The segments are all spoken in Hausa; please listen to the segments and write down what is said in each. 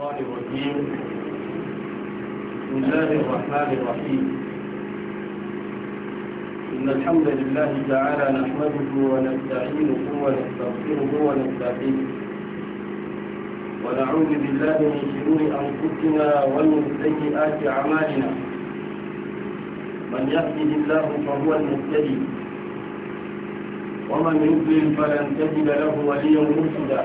الشيطان الرجيم بسم الله الرحمن الرحيم إن الحمد لله تعالى نحمده ونستعينه ونستغفره ونستهديه ونعوذ بالله من شرور أنفسنا ومن سيئات أعمالنا من يهده الله فهو المهتدي ومن يضلل فلن تجد له وليا مرشدا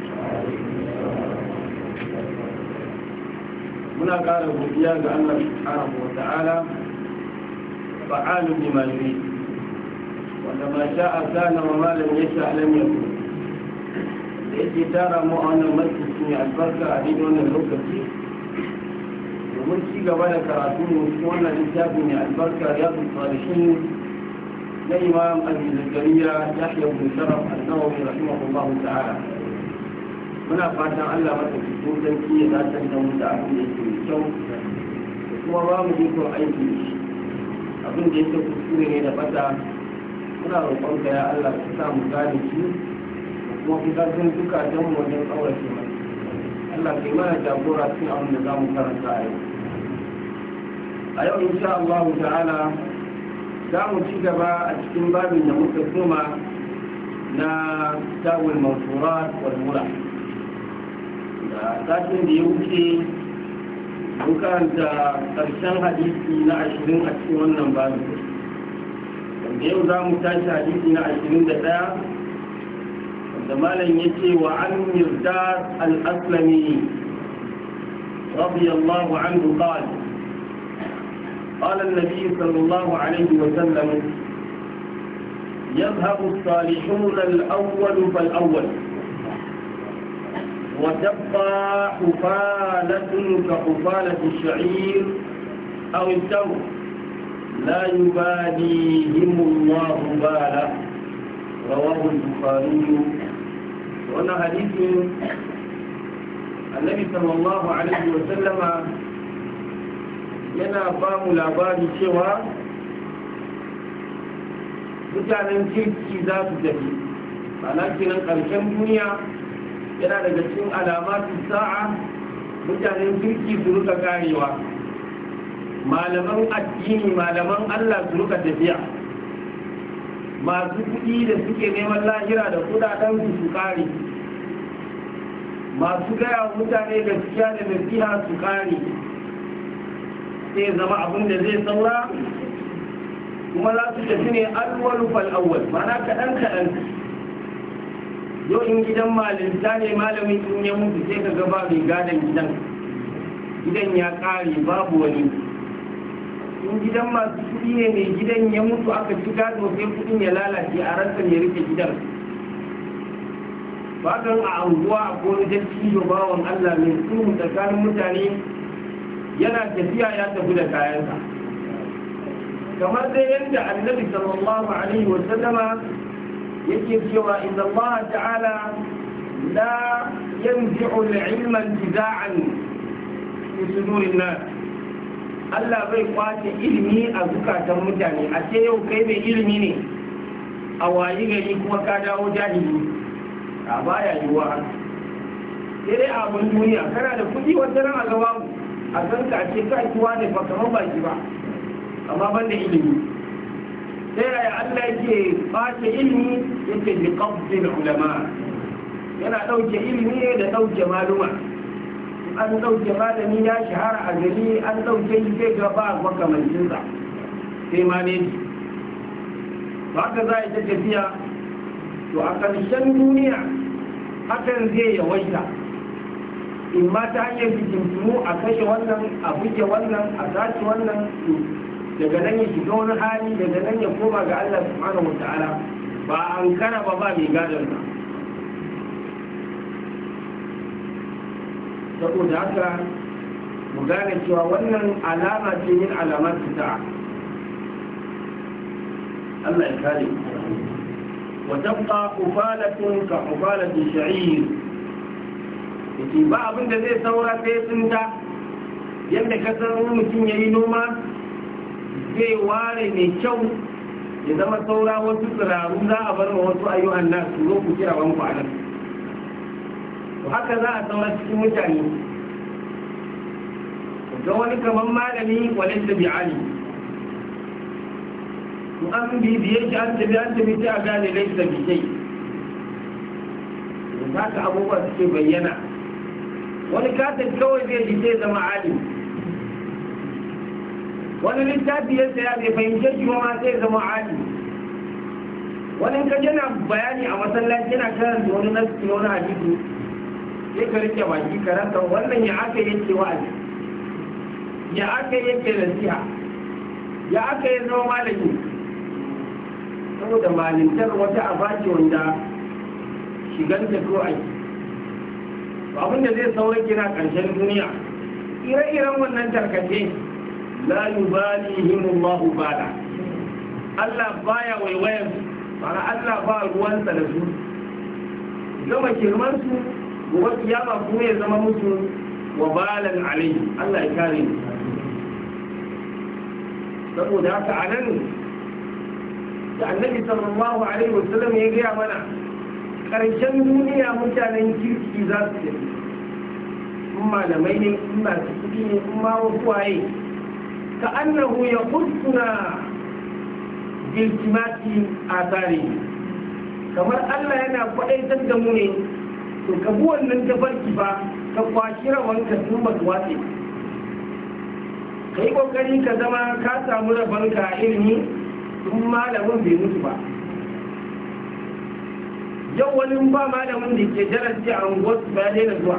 هنا قال ابو زياد ان سبحانه وتعالى فعال بما يريد وما شاء كان وما لم يشاء لم يكن التي ترى مو انا مسجد سمع البركه عديد من الركبتي ومن شيء قبل كراتون وانا لنساب من البركه رياض الصالحين الامام ابي زكريا يحيى بن شرف النووي رحمه الله تعالى muna fatan Allah mata ko ki ya zata da mu da abin da yake kyau kuma ba mu yi ko aiki abin da yake kuskure ne da bata muna roƙon ka ya Allah ka sa mu gane shi kuma ku duka zukatan mu wajen tsawon shi Allah ke mana jagora cikin abin da za mu karanta a yau a yau insha Allah ta'ala za mu ci gaba a cikin babin da muka koma na tawul mawsurat wal ذاتين ديوكي بكان دا ترشان حديثي نا عشرين أكيوان نمبر ديو دام تاش حديثي نا عشرين دتا دمالا يتي وعن مرداد الأسلمي رضي الله عنه قال قال النبي صلى الله عليه وسلم يذهب الصالحون الأول فالأول وتبقى حفالة كحفالة الشعير أو التمر لا يباليهم الله بالا رواه البخاري وانا حديث النبي صلى الله عليه وسلم yana ba mu labari cewa mutanen kirki za su tafi a nan ƙarshen duniya yana daga cikin alamatin sa'a mutane kirki su rika karewa malaman addini malaman Allah su rika tafiya masu kuɗi da suke neman lahira da kudaden su su kare masu gaya mutane gaskiya da nasiha su kare sai zama abin da zai saura kuma za su tafi ne alwalu fal awwal mana kaɗan kaɗan yau in gidan malinta ne malamin in ya mutu sai ka gaba mai gadon gidan gidan ya kare babu wani in gidan masu kuɗi ne mai gidan ya mutu aka ci gado sai kuɗin ya lalace a ransa ya rike gidan bakan a anguwa a kone da ciyo bawon allah mai sulhu tsakanin mutane yana tafiya ya tafi da kayansa kamar dai yadda annabi sallallahu alaihi wa sallama yake cewa inda Allah ta'ala la yanzi'u al-ilma intiza'an fi sudurin Allah bai kwace ilimi a zukatan mutane a ce yau kai mai ilimi ne a wayi gari kuma ka dawo jahili a baya yiwuwa sai a abin duniya kana da kuɗi wata ran a gaba a san ka ce ka kuwa ne ba kamar baki ba amma ban da ilimi sai yaya Allah yake ɓace ilimi yake bi da ulama yana ɗauke ilimi da ɗauke maluma an ɗauke malami ya shahara a gari an ɗauke shi zai ga ba makamancinsa sai ma ne ba ka za a yi ta tafiya to a ƙarshen duniya hakan zai yawaita in ma ta hanyar bikin a kashe wannan a buge wannan a sace wannan daga nan ya shiga wani hali daga nan ya koma ga Allah subhanahu wa ta'ala ba an kara ba ba mai gadon ba saboda haka mu gane cewa wannan alama ce yin alamar ta Allah ya kare wa tabqa ufalatun ka ufalatun sha'ir yake ba abin da zai saura sai tsinta yadda kasar mutum yayi noma zai ware mai kyau ya zama saura wasu tsirarru za a bar wasu ayyuhan nan su zo ku kira banku a to haka za a saura cikin mutane ga wani kamar malami walin tabi ali to an bibiye shi an tabi an tabi sai a gane laifin bi sai haka abubuwa suke bayyana wani katin kawai zai ji sai zama alim wani littafi ya tsaya bai fahimce shi ma sai zama ali wani ka jana bayani a masallaci yana karanta wani nasu wani hadisi sai ka rike baki karanta wannan ya aka yake wa'azi ya aka yake nasiha ya aka yi zama malami saboda malintar wata baki wanda shiganta ko aiki abinda zai saurin kira karshen duniya ire-iren wannan tarkace la yubalihim Allah bala Allah baya waiwayan mana Allah ba ruwansa da su gama kirman su gobe kiyama kuma ya zama musu wa balan alai Allah ya kare saboda haka anan da annabi sallallahu alaihi wasallam ya gaya mana karshen duniya mutanen kirki za su tafi in malamai ne in su kuɗi ne in ma wasu waye Ka ya كأنه يخصنا a آثاره kamar Allah yana kwaɗaitar da mu ne to ka bi wannan tafarki ba ka kwashi rawan ka sun ba ka yi kokari ka zama ka samu rabon ka ilimi tun malamin bai mutu ba yau wani ba malamin da ke darasi a unguwar ba ya daina zuwa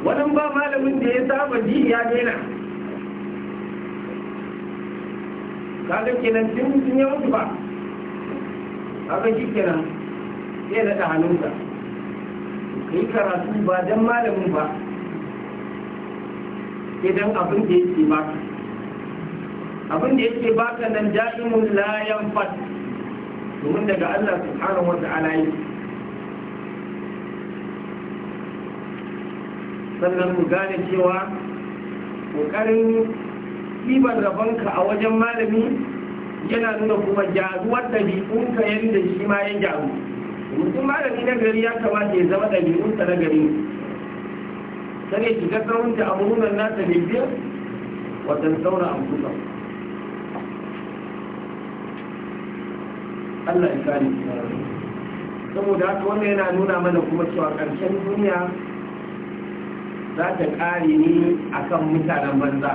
wadan ba malamin da ya saba ji ya daina kaga kenan tun sun yi mutu ba haka shi kenan sai na ta hannunka ka yi karatu ba don malamin ba idan abin da yake ba abin da yake baka nan da'imun la yanfat domin daga Allah subhanahu wa ta'ala yake sannan ku gane cewa ƙoƙarin ɗiban rabonka a wajen malami yana nuna kuma gyaruwar ɗabi'unka yadda shi ma ya jaru mutum malami na gari ya kamata ya zama ɗabi'unsa na gari sai ya shiga tsawon da amurunan nasa da biyar watan saura a kusa Allah ya kare saboda haka wannan yana nuna mana kuma cewa ƙarshen duniya za ta kare ni akan mutanen banza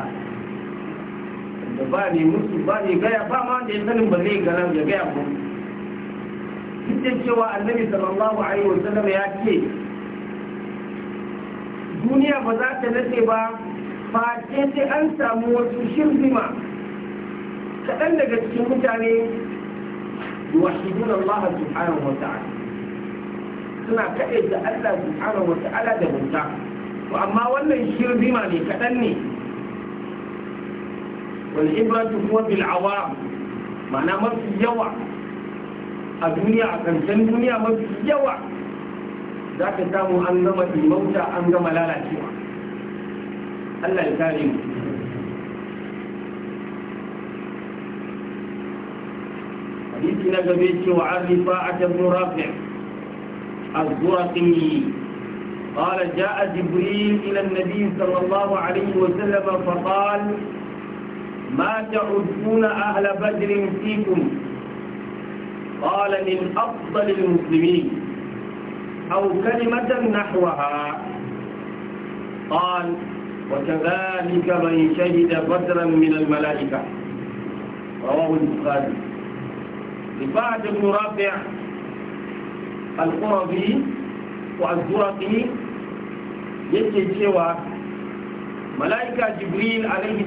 da ba ne musu ba ne gaya ba ma wanda ya sanin ba zai gana ya gaya ku duk da cewa annabi sallallahu alaihi wasallam ya ce duniya ba za ta nace ba ba sai an samu wasu shirzima kaɗan daga cikin mutane wasu Allah subhanahu wa ta'ala suna kaɗe da Allah subhanahu wa da bauta to amma wannan shirzima ne kaɗan ne wani ibratu kuma bil'awa ma'ana mafi yawa a duniya a ƙarshen duniya mafi yawa za ka samu an gama imauta an gama lalacewa allah ya kare mu hadisi na gabe cewa an rifa a a zuwa قال جاء جبريل إلى النبي صلى الله عليه وسلم فقال ما تعدون أهل بدر فيكم قال من أفضل المسلمين أو كلمة نحوها قال وكذلك من شهد بدرا من الملائكة رواه البخاري لبعد بن رافع القربي والزرقي yake cewa mala'ika jibril alaihi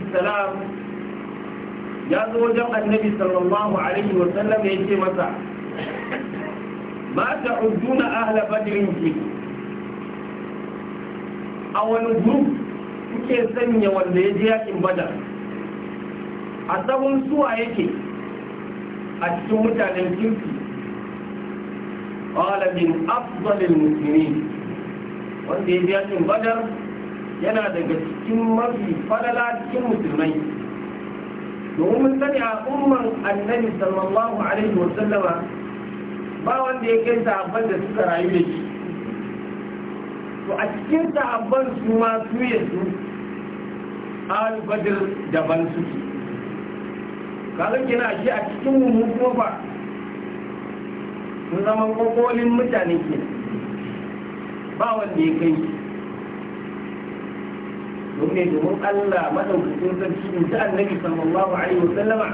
ya zo wajen annabi sallallahu alaihi wasallam ya ce masa ba ta uduna ahla badirin ke a wani group kuke sanya wanda ya je yakin bada? a tsawon suwa yake a cikin mutanen kirki قال من أفضل المسلمين wanda ya biya badar yana daga cikin mafi falala cikin musulmai domin mun sani a umman annabi sallallahu alaihi sallama ba wanda ya kai abban da suka rayu da shi to a cikin abban su ma su ya su alu badar daban k'a ga kina shi a cikin mu kuma ba sun zama kokolin mutane ke ba wanda ya kai domin domin Allah madaukakin sarki in ta annabi sallallahu alaihi wasallama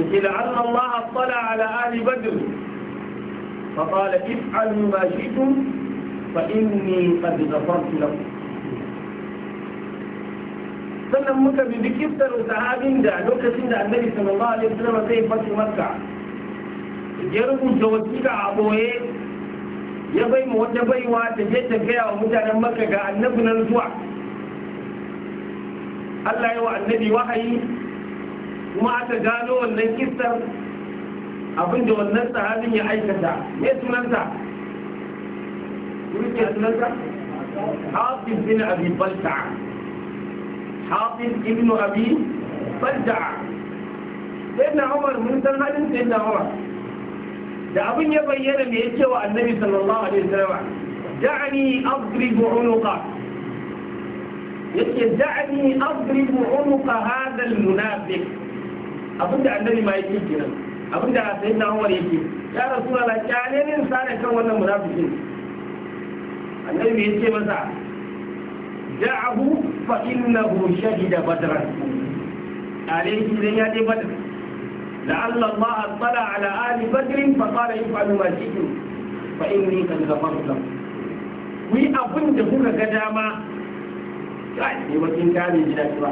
yake la'anna Allah attala ala ahli badr fa qala if'alu ma shi'tum fa inni qad ghafartu lakum sannan muka bi dikisar sahabin da lokacin da annabi sallallahu alaihi wasallama zai fasi makka ya rubuta wasiƙa a ɓoye ya bai mu wata baiwa ta je ta gaya wa mutanen maka ga annabi nan zuwa Allah ya wa annabi wahayi kuma aka gano wannan kistar abinda wannan sahabin ya aikata me sunanta kuke sunanta hafiz bin abi balta hafiz ibn abi balta sai na umar mun san halin sai na umar da abin ya bayyana ya ce wa annabi sallallahu alaihi wasallam da'ani adribu unuqa yake da'ani adribu unuqa hadha almunafiq abinda annabi ma yake kenan abinda sayyidina Umar yake ya rasulullah kyale ne sare kan wannan munafikin annabi ce masa da'ahu fa innahu shahida badran alayhi ne ya je badr لعل الله اطلع على آل بدر فقال يفعل ما شئتم فإني قد غفرت لكم ku abin da kuka ga dama kai ne wakin kare gida ba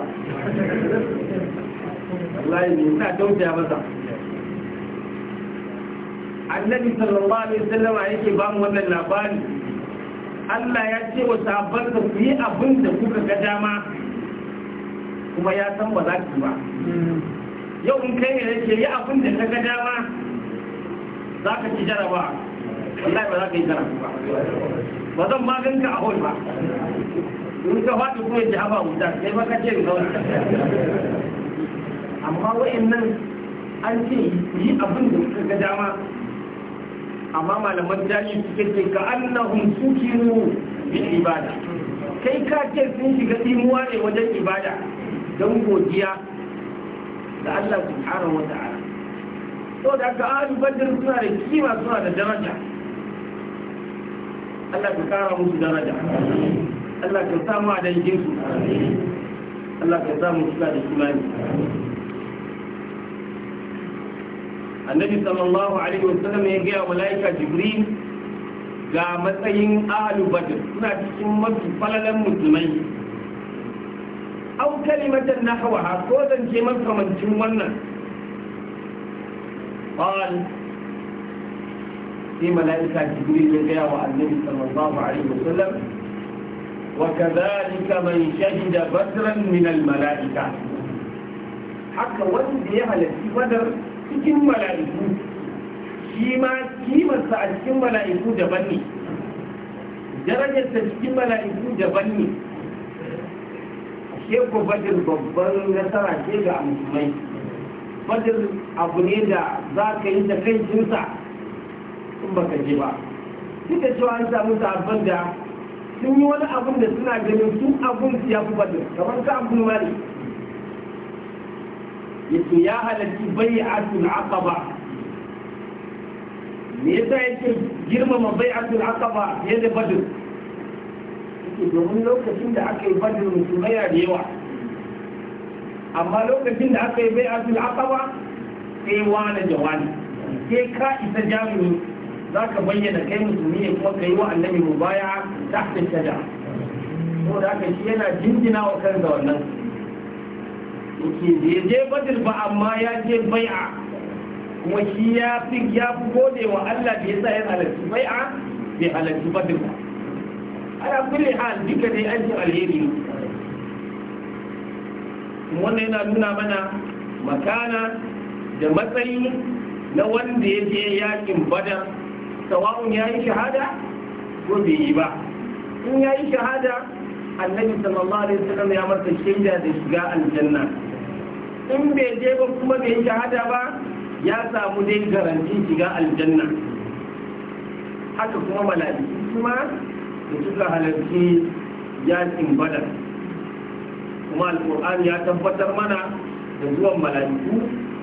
wallahi ne sa tausaya masa annabi sallallahu alaihi wasallam yake ba wannan labari Allah ya ce wa sahabbansa ku yi abin da kuka ga dama kuma ya san ba za ba yau in kai ne ke yi abin da ka ga dama za ka ci jaraba wallahi ba za ka yi jaraba ba ba zan magan ka a hol ba in ka faɗi kuma ji haba wuta sai ba ka ce ga wani amma nan an ce yi abin da ka ga dama amma malaman jami suke ce ka annahum mu bil ibada kai ka ce sun shiga imuwa ne wajen ibada don godiya da Allah subhanahu wa ta'ala to da ka ahlu badr suna da kima suna da daraja Allah ka kara musu daraja Allah ka sa mu da yin su Allah ka sa mu suna da imani Annabi sallallahu alaihi wasallam ya ga malaika Jibril ga matsayin ahlu badr suna cikin mafi falalan musulmai au kalimatan nahwaha ko zance makamancin wannan qal sai mala'ika jibril ya gaya wa annabi sallallahu alaihi wasallam وكذلك من شهد بدرا من mala'ika. haka wanda ya halarci badar cikin mala'iku shi ma kimarsa a cikin mala'iku daban ne darajarsa cikin mala'iku daban ne ke ku badar babban nasara ce ga musulmai badar abu ne da za ka yi da kai jinsa in baka je ba duk da cewa an samu sabon da sun yi wani abun da suna ganin su abun su ya fi badar kamar ka abun mari yato ya halarci bai'atul aqaba me yasa yake girmama bai'atul aqaba fiye da badar suke domin lokacin da aka yi badar musulmai da yawa amma lokacin da aka yi bai azul aqaba sai wani jawani sai ka isa jami'i za ka bayyana kai musulmi ne kuma kai wa annabi mu baya ta tada ko da aka shi yana jinjina wa kansa wannan yake je badar ba amma ya je bai'a kuma shi ya fi ya fi gode wa Allah da ya sa ya halarci bai'a bai halarci badar ba ana kulle hal duka aikin alheri wannan yana nuna mana makana da matsayi na wanda ya je yakin bada sawa'un ya yi shahada ko bai yi ba in ya yi shahada annabi sallallahu alaihi wasallam ya masa shaida da shiga aljanna in bai je ba kuma bai yi shahada ba ya samu dai garanti shiga aljanna haka kuma mala'iku kuma da suka halarci yakin badar kuma alkur'ani ya tabbatar mana da zuwan mala'iku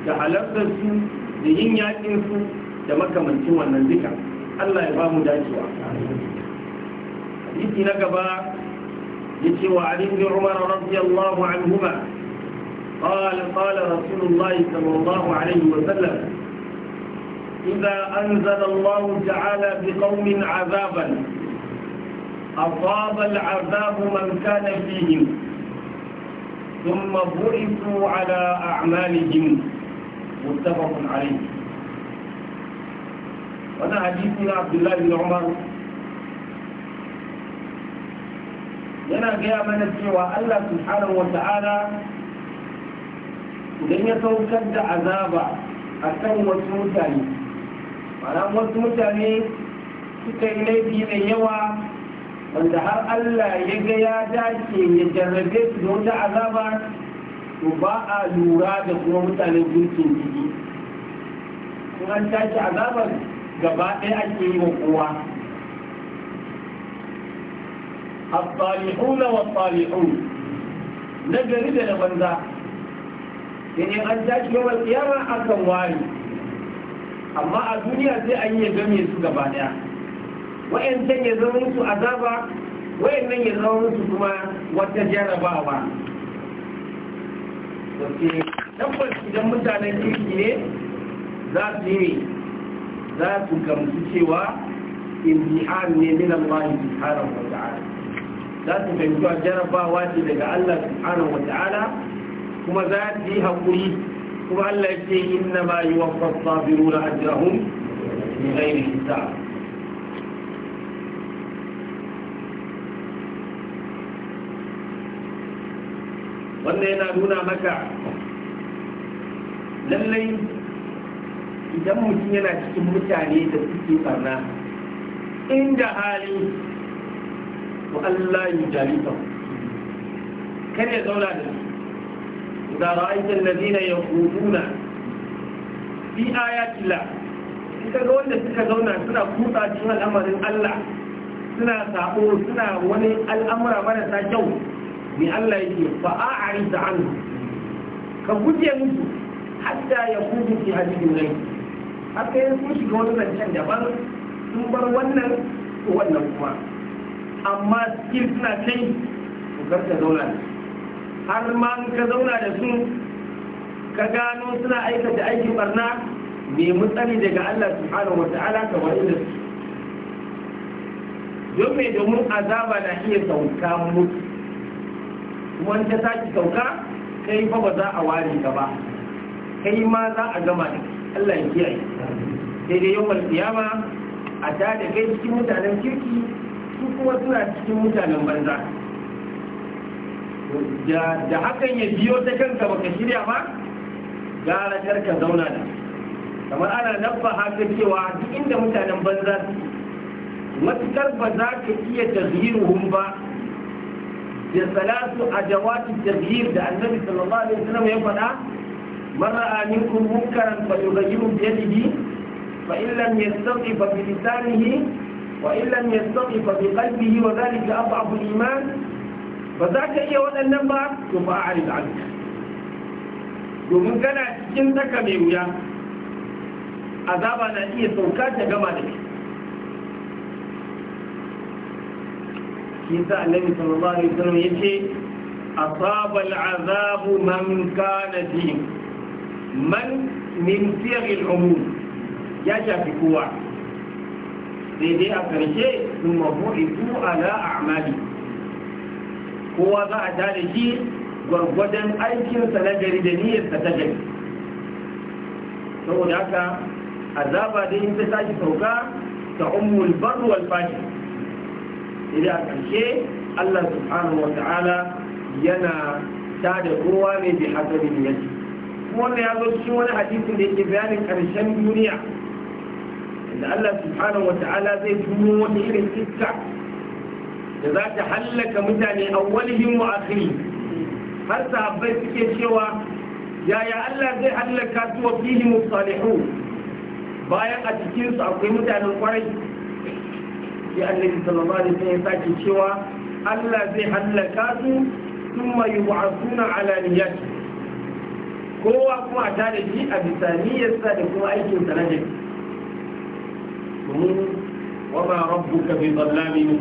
da halartar su da yin yakin su da makamancin wannan zika Allah ya ba mu dacewa hadisi na gaba ya ce wa Ali ibn Umar radiyallahu anhuma قال قال رسول الله صلى الله عليه وسلم إذا أنزل الله تعالى بقوم عذابا أصاب العذاب من كان فيهم ثم بعثوا على أعمالهم متفق عليه وانا حديثنا عبد الله بن عمر yana gaya mana cewa Allah subhanahu wa idan ya saukar da azaba a kan wasu mutane ma'ana wasu mutane suka yi laifi da yawa wanda har Allah ya ga ya dace ya jarrabe su da wata azaba to ba a lura da kuma mutane gurkin jiki in an tashi azabar gaba ɗaya ake yi wa kowa الصالحون والصالحون نجري da banza يعني an تأتي يوم القيامة akan wari amma a duniya sai an yi game su wa'yancan ya zama musu azaba nan ya zama musu kuma wata jarabawa wace tabbas idan mutanen kirki ne za su yi za su gamsu cewa imtihan ne min Allah subhanahu wa ta'ala za su fahimci jarabawa ce daga Allah subhanahu wa ta'ala kuma za su yi hakuri kuma Allah ya ce inna ma yuwaffa sabiruna ajrahum bi ghairi hisab wannan yana nuna maka lallai idan mutum yana cikin mutane da suke barna inda hali Wa Allah ya jalita kar ya zauna da su إذا رأيت الذين يخوضون في آيات الله suka ga wanda suka zauna suna kuta cikin al'amarin Allah suna sabo suna wani al'amura marasa kyau ni Allah yake fa a'rid anhu ka guje musu hatta ya kudu fi hadisin rai haka yin sun shiga wani zancen daban sun bar wannan ko wannan kuma amma skill suna kai ku karka zauna har ma ka zauna da su ka gano suna aikata aikin barna nemi tsari daga Allah subhanahu wa ka kamar inda su don domin azaba na iya sauka mutu kuma ta saki sauka kai fa ba za a ware ka ba kai ma za a gama da Allah ya kiyaye sai dai yau kiyama a ta da kai cikin mutanen kirki su kuma suna cikin mutanen banza da hakan ya biyo ta kanka baka shirya ba gara karka zauna da kamar ana nabba haka cewa duk inda mutanen banza su matukar ba za ka iya tazhiruhum ba da salatu a jawatin tabiyyar da annabi sallallahu alaihi wasallam ya faɗa mara aminkum munkaran fa yughayyiru bi yadihi fa in lam yastati fa bi lisanihi wa in lam yastati fa bi qalbihi wa dhalika adhafu al-iman ba za ka iya waɗannan ba to fa a'rid anka domin kana cikin tsaka mai wuya azaba na iya sauka ta gama da kai shi sa annabi sallallahu alaihi wasallam yace asaba al'azabu man kana fi man min siyar al'umum ya shafi kowa sai dai a karshe sun mabu'itu ala a'mali kowa za a tare shi gwargwadon aikinsa na gari da niyyarsa ta gari saboda haka azaba da in ta tashi sauka ta ummul bar wal Idan a ƙarshe Allah subhanahu wa ta'ala yana ta da kowa ne bi hasabi niyyati kuma wanda ya zo cikin wani hadisi da yake bayanin ƙarshen duniya da Allah subhanahu wa ta'ala zai tuno wani irin iska da za ta hallaka mutane awwalihim wa akhirihim har sahabbai suke cewa yaya Allah zai hallaka su wa fihim bayan a cikinsu akwai mutanen kwarai sai annabi sallallahu alaihi wasallam ya sake cewa Allah zai hallaka su thumma yub'athuna ala niyyati kowa kuma a tare shi a bisa niyyarsa da kuma aikin sa na jiki Kuma wa ma rabbuka bi dhallamin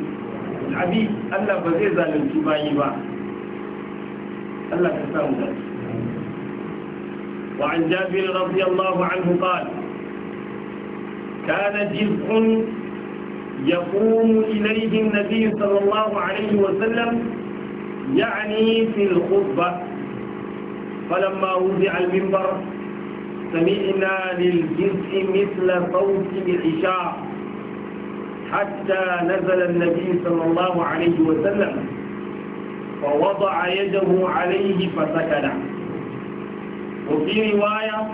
abi Allah ba zai zalunci bayi ba Allah ka samu dace وعن جابر رضي الله عنه قال كان جزء يقوم إليه النبي صلى الله عليه وسلم يعني في الخطبة فلما وضع المنبر سمعنا للجزء مثل صوت العشاء حتى نزل النبي صلى الله عليه وسلم فوضع يده عليه فسكن وفي رواية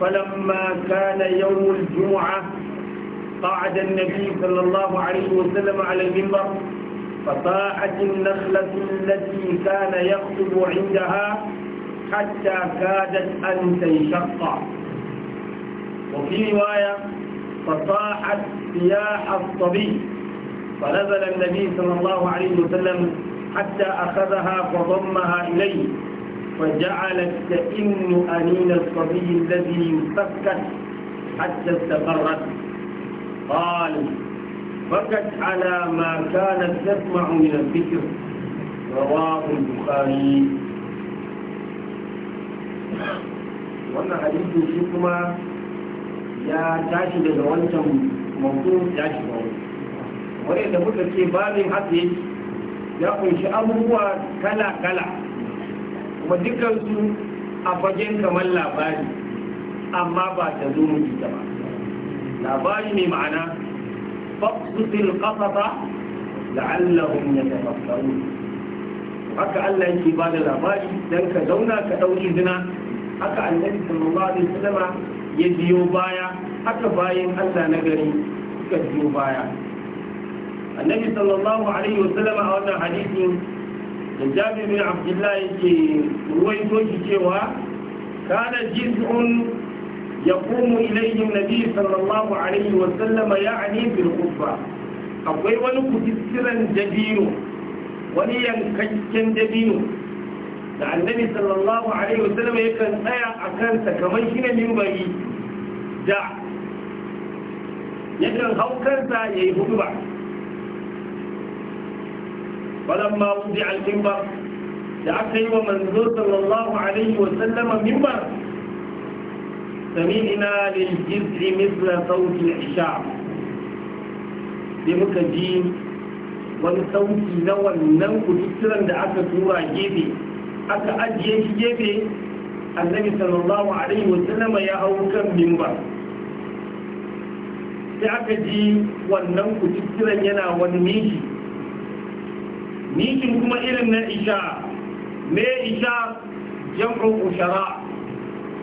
فلما كان يوم الجمعة قعد النبي صلى الله عليه وسلم على المنبر فصاحت النخلة التي كان يخطب عندها حتى كادت أن تنشق وفي رواية فصاحت سياح الصبي فنزل النبي صلى الله عليه وسلم حتى أخذها فضمها إليه فجعلت تئن أنين الصبي الذي سكت حتى استقرت قال بكت على ما كانت تسمع من الذكر رواه البخاري wannan hadisi shi kuma ya tashi daga wancan mawdu ya ba wani wanda da muka ce babin hatsi ya kunshi abubuwa kala-kala kuma dukansu a fagen kamar labari amma ba ta zo mu ba labari mai ma'ana faqsusil qasasa la'allahum yatafakkarun haka Allah yake ba da labari dan ka zauna ka dau izina haka annabi sallallahu alaihi wasallama ya biyo baya haka bayan Allah na gari suka biyo baya annabi sallallahu alaihi wasallama a wannan hadisin da Jabir abdullahi Abdullah yake ruwaito shi cewa kana jiz'un يقوم إليه النبي صلى الله عليه وسلم يعني بالخطبة akwai wani kusissiran dabino wani yankakken dabino da annabi sallallahu alaihi wasallam yakan tsaya a kansa kamar shi ne mimbari da yakan hau ya yi hudu ba ma da aka yi wa manzo sallallahu alaihi wasallama mimbar سمعنا للجزء مثل صوت العشاء بمك جيم wani sauki na wannan kututturan da aka tura gefe aka ajiye shi gefe annabi sallallahu alaihi wasallama ya hau kan mimba sai aka ji wannan kututturan yana wani nishi nishin kuma irin na isha me isha jam'u ushara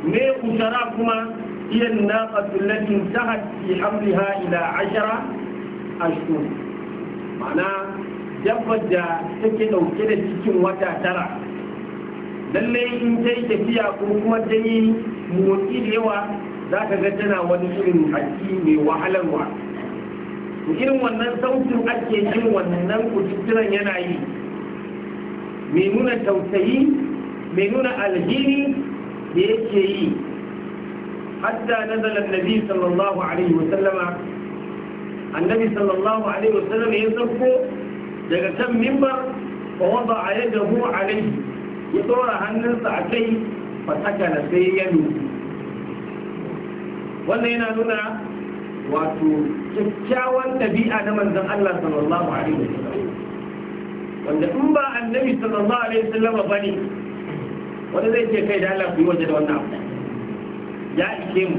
me ushara kuma iya naqatu allati intahat fi hamliha ila ashara ashhur ma'ana dabbar da take dauke da cikin wata tara lallai in ta tafiya ko kuma ta yi motsi da yawa za ka ga tana wani irin haƙi mai wahalarwa irin wannan sautin ake yin wannan kututturan yana yi mai nuna tausayi mai nuna alhini da yake yi hatta nazala Nabi sallallahu alaihi wa sallama annabi sallallahu alaihi wa sallama ya sauko daga can kan a fa wada a alaihi ya dora hannunsa a kai fa na sai ya nufi wannan yana nuna wato kyakkyawan ɗabi'a na manzan Allah sallallahu alaihi wa sallam wanda in ba annabi sallallahu alaihi wa sallama ba ne. wani zai ce kai da Allah ku yi waje da wannan abu ya ike mu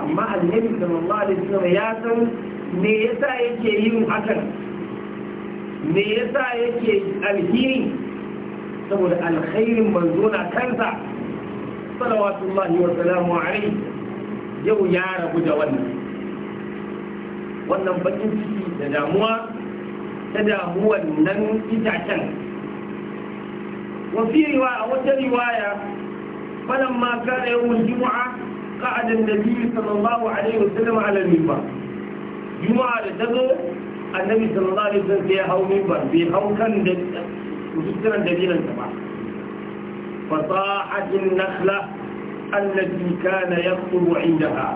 amma annabi sallallahu alaihi wasallam ya san me yasa yake yin hakan me yasa yake alhiri saboda alkhairin manzo na kansa salawatullahi wa salamu alaihi yau ya rabu da wannan wannan bakin ciki da damuwa ta damuwan nan itacen wafiwa a wata riwaya falon maka da yawon juma'a ka'adar da biyu sallallahu alaihi wa sallam ala mimba juma'a da dazo annabi sallallahu alaihi wa sallam sai ya hau hau kan da kusurkiran dalilanta ba fasahatin nakhla allati kana yaqtubu indaha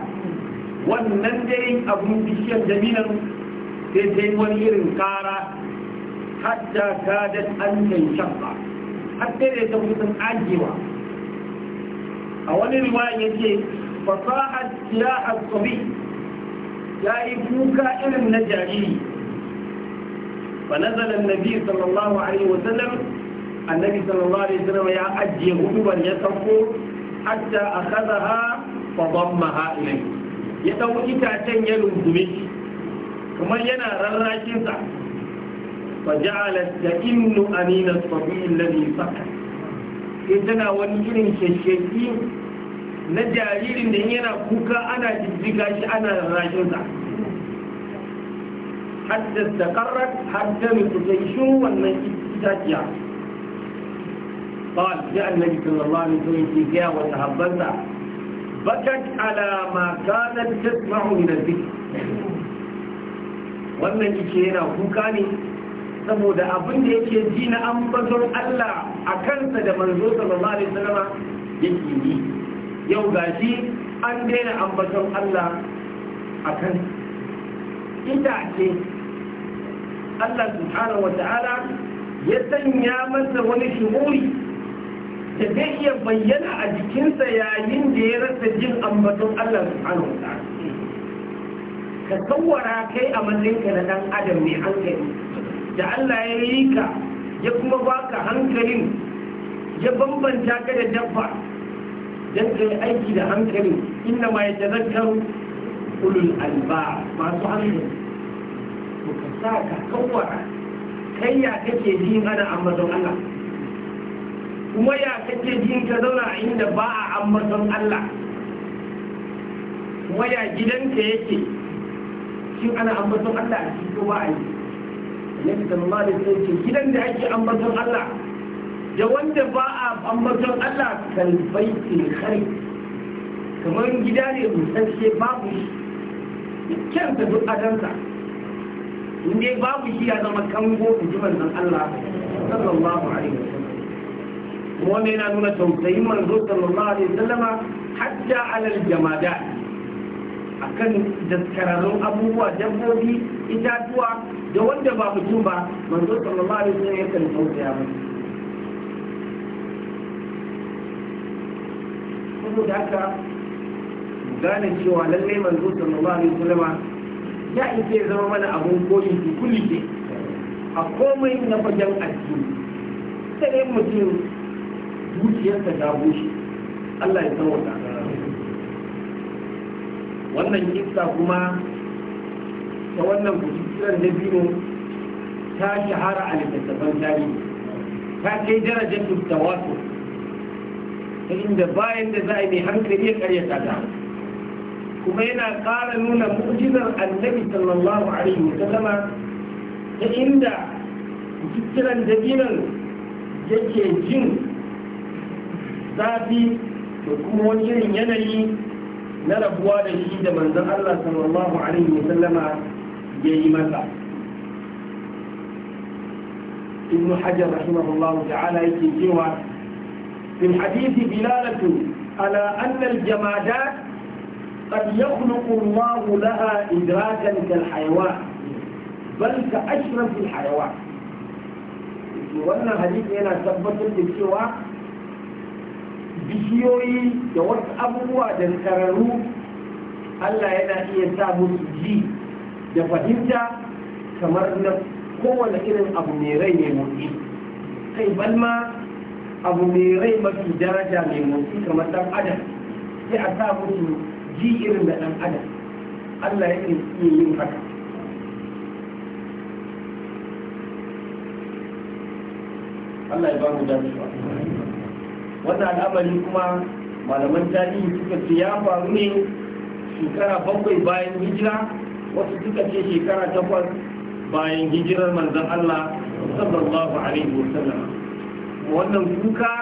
wannan dai abun bishiyar dalilan sai sai wani irin kara hatta kadat an shafa. har sai da ta kusan ajewa a wani riwaya ya ce fasahar a asabi ya yi kuka irin na jariri fa nazala Nabi sallallahu alaihi wa sallam annabi sallallahu alaihi wa sallam ya ajiye hudubar ya sauko hatta akhadha fa dammaha ilayhi ya dauki itacen ya rungume kamar yana rarrakin sa. فجعلت تئن أمين الصبي الذي فكر إذن ونجرم ششيئين نجاير نينا كوكا أنا جزيكاش أنا راجزا حتى استقرت حتى نتجيشو ونجيشتاتيا قال جاء النبي صلى الله عليه وسلم في جاء وتهبلت بكت على ما كانت تسمع من الذكر wannan ike yana kuka saboda abin da yake ji na ambaton Allah a kansa da manzo sallallahu alaihi wasallam yake yi yau gashi an daina ambaton Allah a kan ita ce Allah subhanahu wa ta'ala ya sanya masa wani shuhuri da zai iya bayyana a jikinsa yayin da ya rasa jin ambaton Allah subhanahu wa ta'ala ka tsawara kai a matsayinka na dan adam mai hankali da Allah ya yi ka ya kuma baka hankalin ya bambanta ka da dabba don ka yi aiki da hankalin inda ma ya tazakkar ulul alba masu hankali to ka sa ka kawara kai ya kake ji ana ambaton Allah kuma ya kake ji ka zauna a inda ba a ambaton Allah kuma ya gidanka yake shi ana ambaton Allah a cikin ba a yi annabi sallallahu alaihi wasallam ce gidan da ake ambaton Allah da wanda ba a ambaton Allah kalbai ke kai kamar gida ne rusasshe babu shi kyan ta duk adansa in dai babu shi ya zama kango da ji manzon Allah sallallahu alaihi wasallam wannan yana nuna tausayin manzo sallallahu alaihi wasallama hatta alal jama'a kan daskararrun abubuwa dabbobi itatuwa da wanda ba mutum ba manzo sallallahu alaihi wasallam ya tausaya Kuma saboda haka gane cewa lallai manzo sallallahu alaihi wasallam ya ike zama mana abun koyi su kulli ke a komai na fagen addini sai mutum zuciyarsa ta bushe Allah ya san wata wannan kissa kuma ta wannan kusurkiran na biyu ta shahara a littattafan tarihi ta kai darajar tuttawato ta inda bayan da za a mai hankali ya karyata ta kuma yana ƙara nuna mu'jizar annabi sallallahu alaihi wa sallama ta inda kusurkiran da biyun yake jin zafi da kuma wani irin yanayi na rabuwa da shi da manzon Allah sallallahu alaihi wa sallama ya yi masa ibn hajar rahimahullahu ta'ala yake cewa في الحديث دلالة على أن الجمادات قد يخلق الله لها إدراكا كالحيوان بل كأشرف الحيوان wannan hadisi yana tabbatar da cewa bishiyoyi da wasu abubuwa da tsararru Allah yana iya sa musu ji da fahimta kamar na kowane irin abu mai rai mai motsi kai balma abu mai rai mafi daraja mai motsi kamar dan adam sai a sa musu ji irin da dan adam Allah ya iya yin haka Allah ya ba mu dace wannan al'amari kuma malaman tarihi suka ce ya faru ne shekara bakwai bayan hijira wasu suka ce shekara takwas bayan hijirar manzon Allah sallallahu alaihi wasallam wannan kuka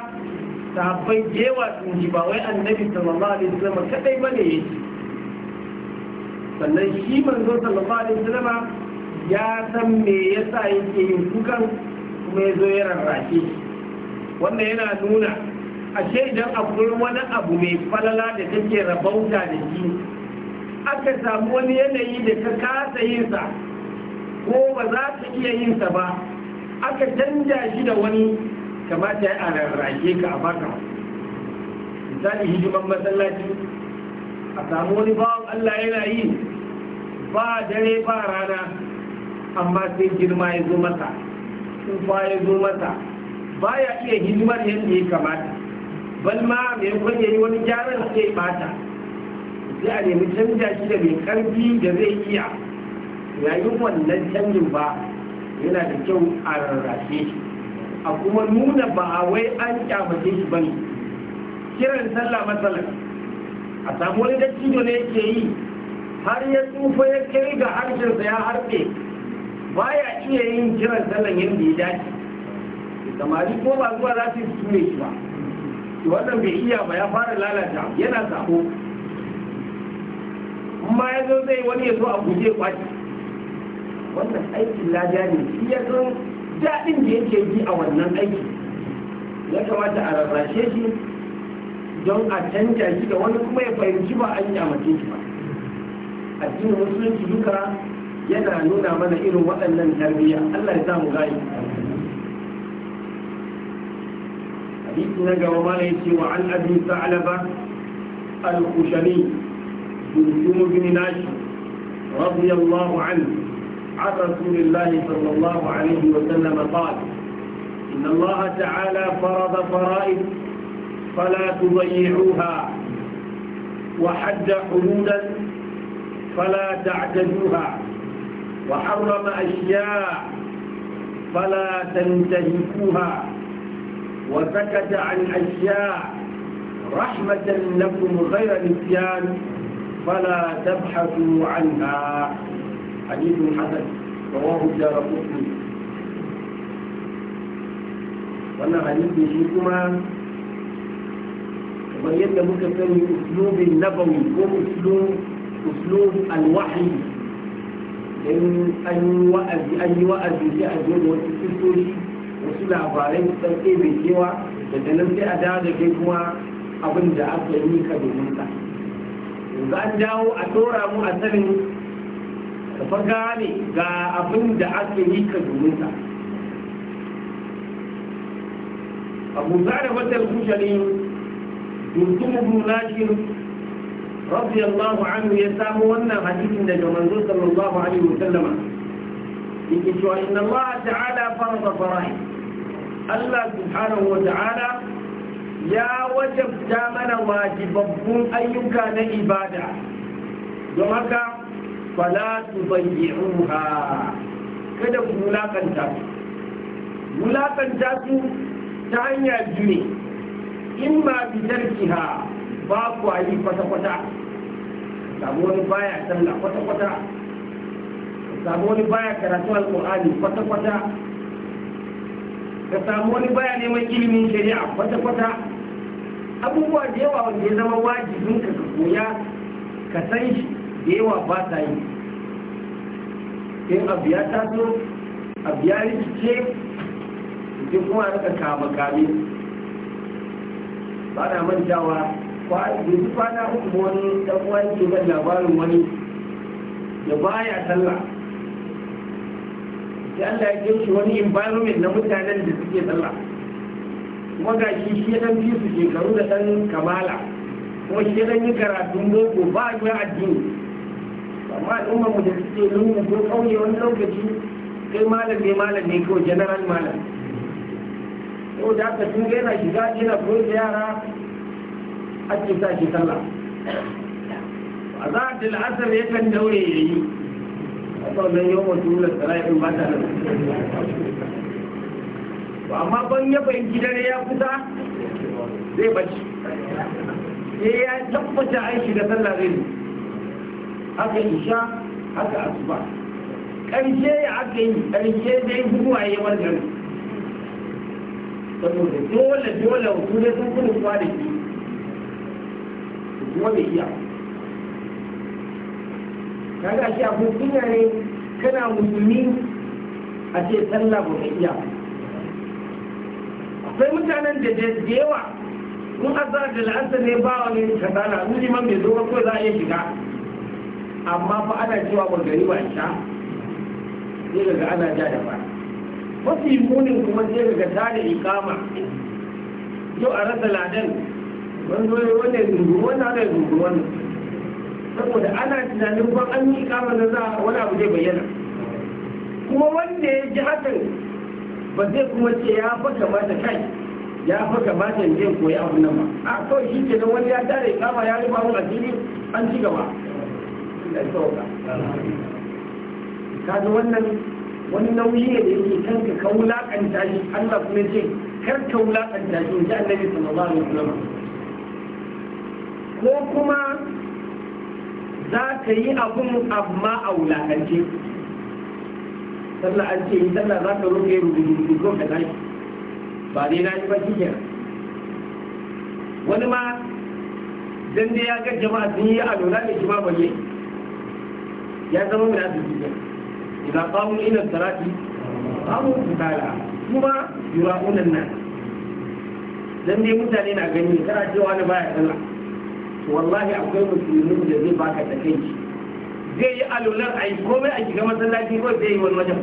bai jewa sun ji ba wai annabi sallallahu alaihi wasallam kadai bane yake sannan shi manzon sallallahu alaihi wasallam ya san me yasa yake yin kukan kuma ya zo ya rarrafe wannan yana nuna ashe idan akwai wani abu mai falala da take rabauta da shi aka samu wani yanayi da ka kasa yinsa ko ba za ka iya yinsa ba aka canja shi da wani kamata ya rarrake ka a baka misali hidiman masallaci a samu wani bawan Allah yana yi ba dare ba rana amma sai girma ya zo masa tsufa ya zo masa baya iya hidimar yadda ya kamata Balma ma maimakon yayi yi wani gyaran sai bata sai a nemi canja shi da mai karfi da zai iya yayin wannan canjin ba yana da kyau a rarrashe shi a kuma nuna ba a wai an kyamace shi ba ne. kiran sallah matsalar a samu wani dattijo ne yake yi har ya tsufa ya kai ga harshensa ya harfe baya iya yin kiran sallan yadda ya dace samari ko ba zuwa za su yi su ne shi ba wannan bai iya ba ya fara lalata yana sako ma ya zo zai wani ya zo a guje kwaki, wannan aikin lada ne shi ya zo daɗin da yake yi a wannan aiki ya kamata a rarrashe shi don a canja shi da wani kuma ya fahimci ba an kyamace shi ba addinin musulunci duka yana nuna mana irin waɗannan tarbiyya allah ya samu gani إن جواماليتي وعن أبي ثعلبة الخشني جمجم بن ناشي رضي الله عنه عن رسول الله صلى الله عليه وسلم قال إن الله تعالى فرض فرائض فلا تضيعوها وحد حدودا فلا تعتدوها وحرم أشياء فلا تنتهكوها وسكت عن اشياء رحمة لكم غير نسيان فلا تبحثوا عنها حديث حسن رواه الدار قطني وانا حديث شكما وبينا ممكن اسلوب النبوي واسلوب اسلوب الوحي ان ان يوأذي ان يوأذي في اجل وتسلسل wasu labarai sun ɗebe kewa daga nan sai a dawo da kai kuma abin da aka yi ka domin ka yanzu an dawo a ɗora mu a sanin ka fa gane ga abin da aka yi ka domin ka abu zara wata kushari dutsun ibn nashir radiyallahu anhu ya samu wannan hadisin daga manzo sallallahu alaihi wasallama yake cewa inna allaha ta'ala farada fara'id Allah subhanahu wa ta'ala ya wajabta mana wajibabbun ayyuka na ibada don haka fala tubayyi'uha kada ku mulakanta su mulakanta su ta hanya jini in ma bi tarkiha ba ku yi kwata-kwata samu wani baya sallah kwata-kwata samu wani baya karatu alƙur'ani kwata-kwata ka samu wani baya neman ilimin shari'a kwata-kwata abubuwa da yawa wanda ya zama wajibin ka koya ka san shi da yawa ba ta yi in abu ya taso abu ya rikice sai kuma rika kama kame ba na mantawa yanzu kwana uku wani dan yake ban labarin wani da baya sallah sai Allah ya ce shi wani environment na mutanen da suke sallah kuma ga shi shi dan fi su shekaru da dan kamala kuma shi dan yi karatun boko ba yi addini amma al'umma mu da suke nuna ko kauye wani lokaci kai malam ne malam ne kawai general malam ko da aka tun yana shiga yana koyar da yara ce sa shi sallah a za a tilasa yakan daure ya yi a tsawon yau tunan da tsara'in ba ta nan to amma ban ya fahimci dare ya kusa zai bacci sai eh, ya tabbata an shiga sallah zai haka isha haka asuba ƙarshe ya aka yi ƙarshe zai gudu a yi margari saboda dole dole wasu ne sun kuma kuwa da shi kuma bai iya kaga shi abin kunya ne kana musulmi a ce sallah ba ka iya akwai mutanen da da yawa kun azara da la'asar ne ba wani kasala wuri man bai zo ko za a iya shiga amma fa ana cewa ban gari ba sha sai daga ana ja da ba mafi munin kuma sai daga ta da ikama yau a rasa ladan wani zo wanda ya zunguru wannan ana ya zunguru wannan saboda ana tunanin ban an yi ikama na za wani abu zai bayyana kuma wanda ya ji hakan ba zai kuma ce ya fa kamata kai ya fa kamata yin koyi abu nan ba a kawai shi ke wani ya tare kama ya rufa mun asiri an ci gaba Ka ji wannan wani nauyi ne da yake kanka ka wulakanta shi Allah kuma ce kar ka wulakanta shi in ji annabi sallallahu alaihi wasallam ko kuma za ka yi abun amma a wulakance sallah an ce yi za ka roƙe rubutu ko ka tashi ba dai na yi ba kike wani ma dan dai ya ga jama'a sun yi alola ne shi ma bayyai ya zama mai nasu kike idan qamu ila salati qamu qala kuma yura'una nan dan dai mutane na gani kana cewa wani baya sallah wallahi akwai musulmi da zai baka takeici zai yi alular a yi komai a shiga masallaci ko zai yi wani wajen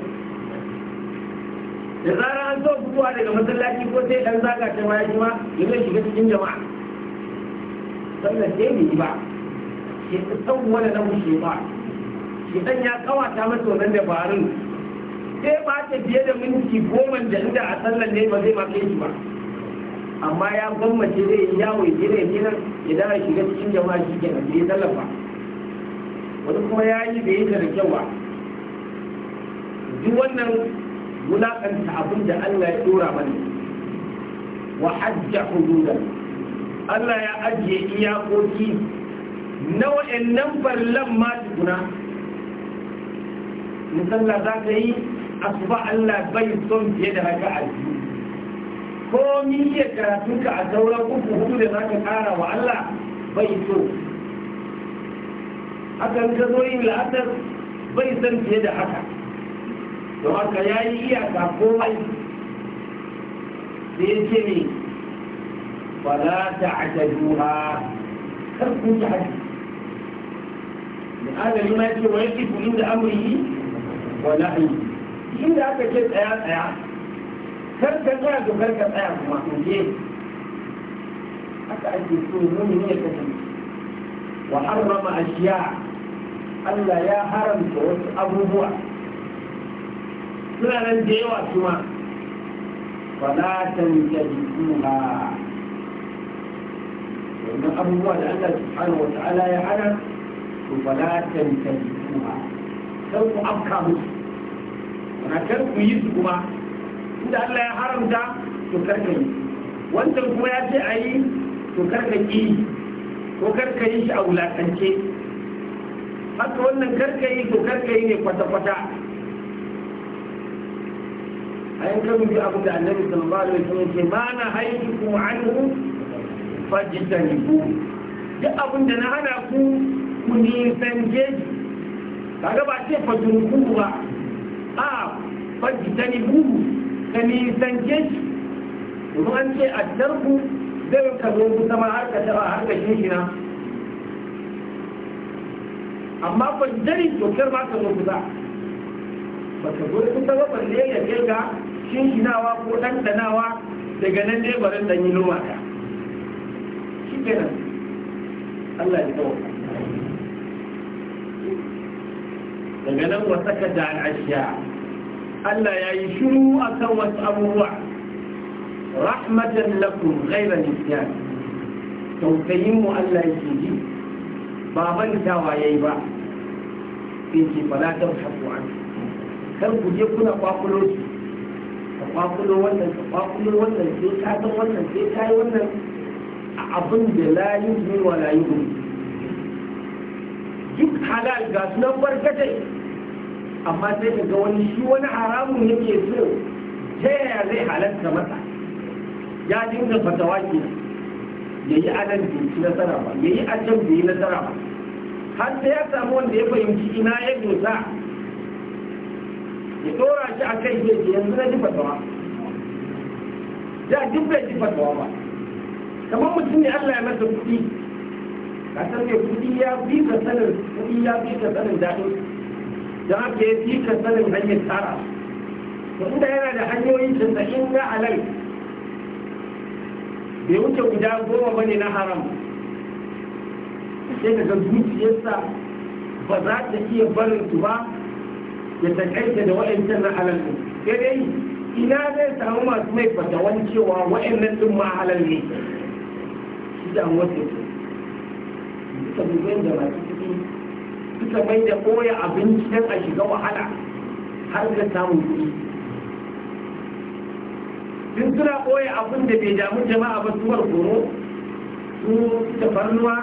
da zarar an zo fitowa daga masallaci ko sai dan zaga ta baya shi ma ya zai shiga cikin jama'a sannan sai bai yi ba shi ta wani na mushe ba shi dan ya kawata masa wannan dabarun sai ba ta fiye da minti goma da inda a sallan ne ba zai ma kai shi ba amma ya gwammace zai yawo ya je idan ya ya shiga cikin jama'a shi kenan zai tallafa wani kuma ya yi da yake da kyau duk wannan wulaƙanta abin da Allah ya dora mana wa hajja hududan Allah ya ajiye iyakoki na wa'annan farlan ma tukuna misalla za ka yi asuba Allah bai son fiye da haka a ko ni iya karatunka a sauran uku hudu da za ka kara wa Allah bai so hakan ka zo yin la'asar bai san fiye da haka don haka ya yi iyaka komai da ya ce ne za ta ajaduha kar ku ta haji da adali ma ce yake kifulin da amuri wala ayi shi da aka ce tsaya tsaya kar ka tsaya to kar ka tsaya kuma to je haka ake so mun ne ya kasance wa harrama ashiya Allah ya haramta wasu abubuwa suna nan da yawa kuma fala tanjabituha wannan abubuwa da Allah subhanahu wa ta'ala ya hana to fala tanjabituha kar ku afka musu wana kar ku yi su kuma inda Allah ya haramta to karka yi wancan kuma ya ce a yi to karka ki ko karka yi shi a wulaƙance. haka wannan karka yi to karka yi ne kwata-kwata a yin kan bi abu da annabi sallallahu alaihi wasallam ce ma na haiku ku anhu ku duk abin da na hana ku ku nisanje kaga ba ce ku ba a ku ka jeji kuma an ce a jarku zai ka zo kusa ma har ka taba har ka amma ban jari dokar ba ka zuwa ba ba ka zo kusa ba balle ya kai ga shinawa ko ɗanɗanawa daga nan ne barin ɗan yi noma ka shi kenan Allah ya kawo daga nan wa saka da al'ashiya Allah ya yi shiru a kan wasu abubuwa rahmatan lakum ghairan nisyan tausayin mu Allah yake ji ba mantawa ya yi ba in ce ba za ta haku an kar ku je kuna kwakulo su ka kwakulo wannan ka kwakulo wannan sai ka san wannan sai ka yi wannan a abin da la ne wa la ne duk halal ga suna barkatai amma sai ka ga wani shi wani haramun yake so ta yaya zai halatta masa ya dinga fatawa kenan ya yi a nan bai nasara ba ya yi a yi nasara ba har sai ya samu wanda ya fahimci ina ya dosa ya dora shi a kai ke yanzu na ji fatawa da duk bai ji tawa ba kamar mutum ne Allah ya masa kuɗi ka san me kuɗi ya fi ka sanin kuɗi ya fi ka sanin daɗin da haka ya fi ka sanin hanyar tsara to da yana da hanyoyin canza in na alal bai wuce guda goma ba ne na haram sai daga zuciyarsa ba za ta iya barin su ba ya takaita da wa'ancan na halal sai dai ina zai samu masu mai fatawan cewa wa'annan ɗin ma halal ne shi da an wasu duka dubayin da masu ciki suka mai da ɓoye abinci don a shiga wahala har da samun kuɗi duk suna ɓoye abin da bai damu jama'a ba su goro su tafarnuwa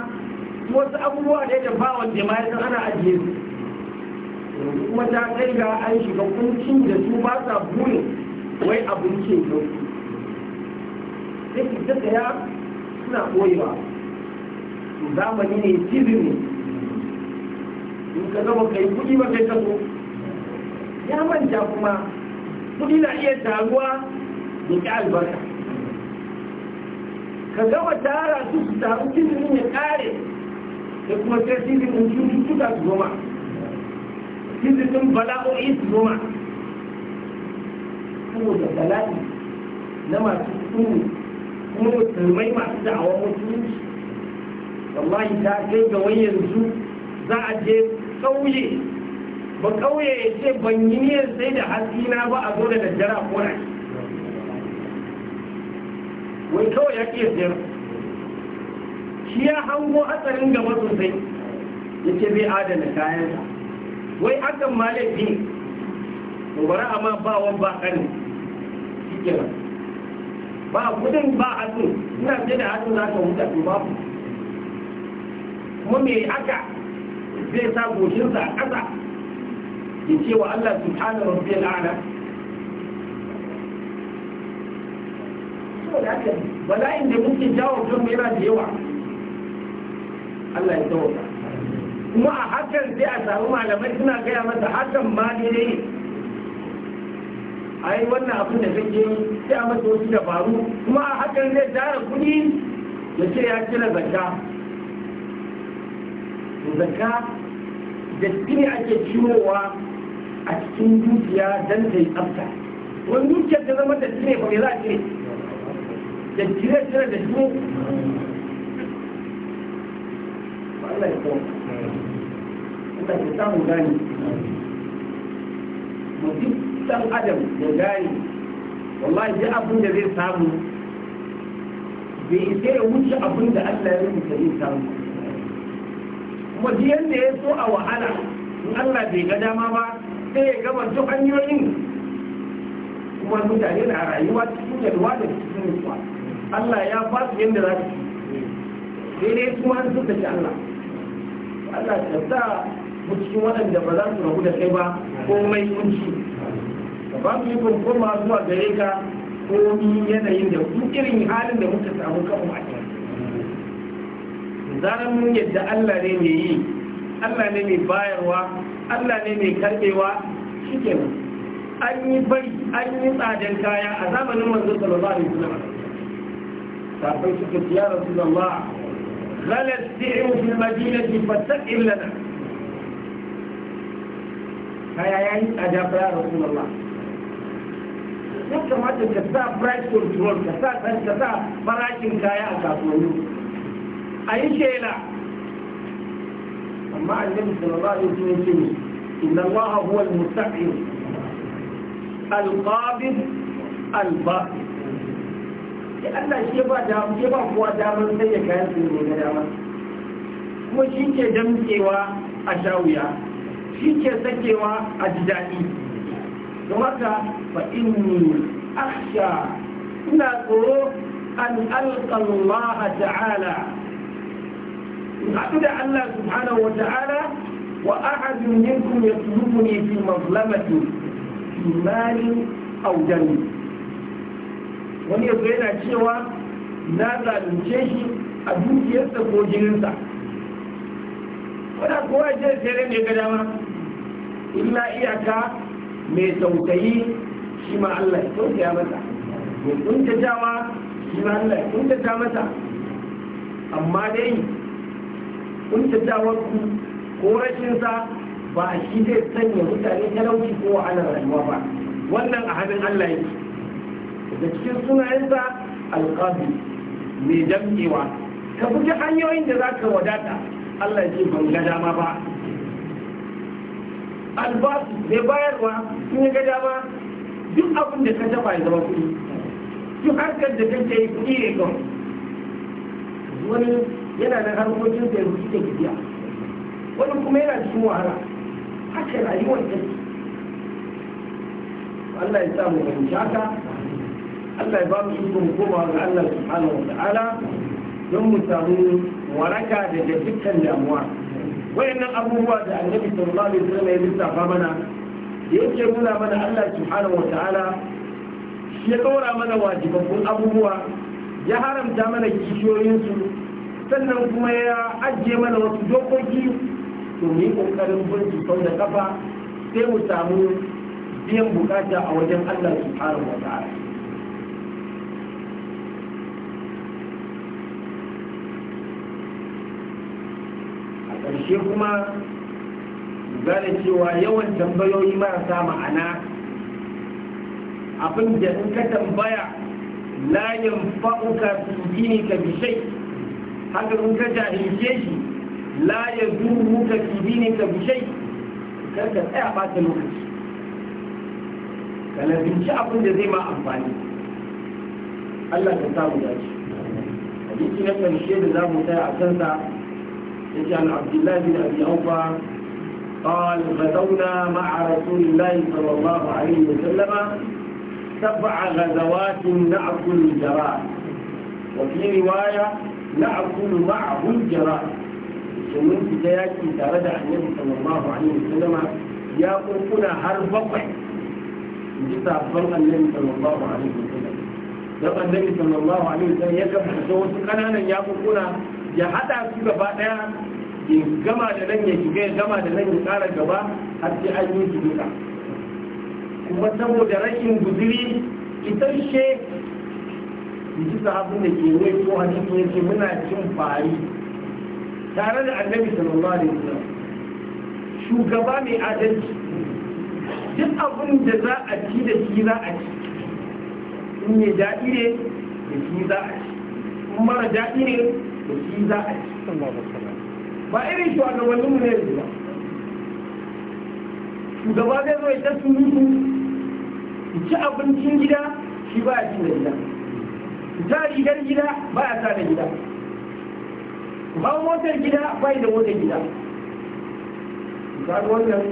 su wasu abubuwa da ya ba wa jama'a sun ana ajiye su kuma ta kai ga an shiga kuncin da su ba sa buri wai abinci ne duk ta tsaya suna Su zamani ne ne. in ka zama kai kuɗi ba kai kaso ya manta kuma kuɗi na iya taruwa roƙi albarka ka gama tara su su taru kilimin ya ƙare da kuma sai kilimin cututtuka su goma kilimin bala'o'i su goma saboda bala'i na masu kuni kuma musulmai masu da'awar musulunci wallahi ta kai ga wani yanzu za a je kauye ba kauye ya ce ban yi niyyar sai da hatsina ba a zo da daddara ko na shi wai kawai ya ƙi biyar. shi ya hango hatsarin gaba sosai ya ce bai adana kayansa wai hakan ma laifi to bari amma ba wan ba ƙarin cikin ba kudin ba hatsu suna ce da hatsu za ka huta to babu kuma me aka zai sa goshinsa a ƙasa ya ce wa Allah subhanahu wa ana saboda haka bala'in da muke jawo kanmu yana da yawa Allah ya tawaka kuma a hakan sai a samu malamai suna gaya masa hakan ma daidai ne ai wannan abin da kake yi sai a masa wasu dabaru kuma a hakan zai tara kuɗi ya ce ya cire zakka zakka da ne ake ciwowa a cikin dukiya don ta yi tsafta wani dukiyar ta zama da ne ba za a da cire-cire da shi Allah ya kawo Allah ya samun gani mutum dan adam da gani wallahi duk abin da zai samu bai sai ya wuce abin da Allah ya rubuta zai samu kuma duk yadda ya so a wahala in Allah bai ga dama ba sai ya gama duk hanyoyin kuma mutane na rayuwa cikin yalwa da cikin nutsuwa Allah ya ba su yadda za su sai dai kuma an sun tafi Allah Allah ta sa mu cikin waɗanda ba za su rabu da kai ba mai kunci ka ba su yi koma zuwa gare ka komi yanayin da ku irin halin da muka samu kanmu a cikin zanen mun yadda Allah ne mai yi Allah ne mai bayarwa Allah ne mai karbewa ke an yi bari an yi tsadar kaya a zamanin manzo sallallahu alaihi wasallam فقلت يا رسول الله غلى استعر في المدينة فتسئل لنا فيا يعني أجاب يا رسول الله يكتمت كساء برايس كنترول كساء كساء كساء برايس كايا أكاسوني أي شيء لا أما النبي صلى الله عليه وسلم إن الله هو المستعين القابض الباقي sai Allah shi ba da shi ba kuwa damar sai ya kayan su ne ga dama kuma shi ke damkewa a shawuya shi ke sakewa a ji daɗi don haka fa inni akhsha ina tsoro an alqa Allah ta'ala in haɗu da Allah subhanahu wa ta'ala wa ahadun minkum yatlubuni fi mazlamatin fi malin aw jamin wani ya zo yana cewa na zalunce shi a dukiyarsa ko jininsa wadda kowa ce sai ne ga dama illa iyaka mai tautayi shi ma Allah ya tausaya masa mai jawa shi ma Allah ya kuntata masa amma dai kuntatawar ku ko rashinsa ba shi zai sanya mutane talauci ko wahalar rayuwa ba wannan a hannun Allah ce da cikin sunayensa alƙabi mai damkewa ka fi hanyoyin da za ka wadata Allah ya ce ban ga dama ba albasu mai bayarwa sun ya ga dama duk abin da ka taba ya zama kuɗi duk harkar da kake yi kuɗi ne kawai wani yana da harkokin da ya rufi da tafiya wani kuma yana cikin wahala haka rayuwar take Allah ya samu mu fahimci haka Allah ya ba mu shukun koma ga Allah subhanahu wa ta'ala don mu samu waraka daga dukkan damuwa wayannan abubuwa da annabi sallallahu alaihi wasallam ya lissafa mana da yake nuna mana Allah subhanahu wa ta'ala ya kawara mana wajibabbun abubuwa ya haramta mana kishiyoyinsu sannan kuma ya ajiye mana wasu dokoki to mu yi kokarin bin sau da kafa sai mu samu biyan bukata a wajen Allah subhanahu wa ta'ala ƙarshe kuma gane cewa yawan tambayoyi marasa ma'ana abin da in ka tambaya layin fa'uka fi ka bishai haka in ka jahilce shi layin duhu ka fi ka bishai kar tsaya ɓata lokaci Kana binci abin da zai ma amfani Allah ka samu dace hadisi na ƙarshe da za mu tsaya a kansa عن عبد الله بن أبي أوفى قال غدونا مع رسول الله صلى الله عليه وسلم سبع غزوات نأكل الجراح وفي رواية نأكل معه الجراح ومن بداياتي تردع النبي صلى الله عليه وسلم يا قلقنا هل بقع جدا فرق النبي صلى الله عليه وسلم لقد النبي صلى الله عليه وسلم يكفر سوى قنانا يا قلقنا ya hada su gaba ɗaya ya gama da nan ya shiga ya gama da nan ya ƙara gaba har sai an yi su duka kuma saboda rashin guziri isasshe ji sahabin da ke wai ko hadisi ya ce muna cin fari tare da annabi sallallahu alaihi wasallam shugaba mai adalci duk abin da za a ci da shi za a ci in ya daɗi ne da shi za a ci in mara daɗi ne da shi za a ci ba irin shi wanda wani mu ne yanzu ba shugaba zai zo ya ta sunutu ci abincin gida shi ba ya ci da gida ta rigar gida ba ya sa da gida ba motar gida ba da motar gida ga wannan ta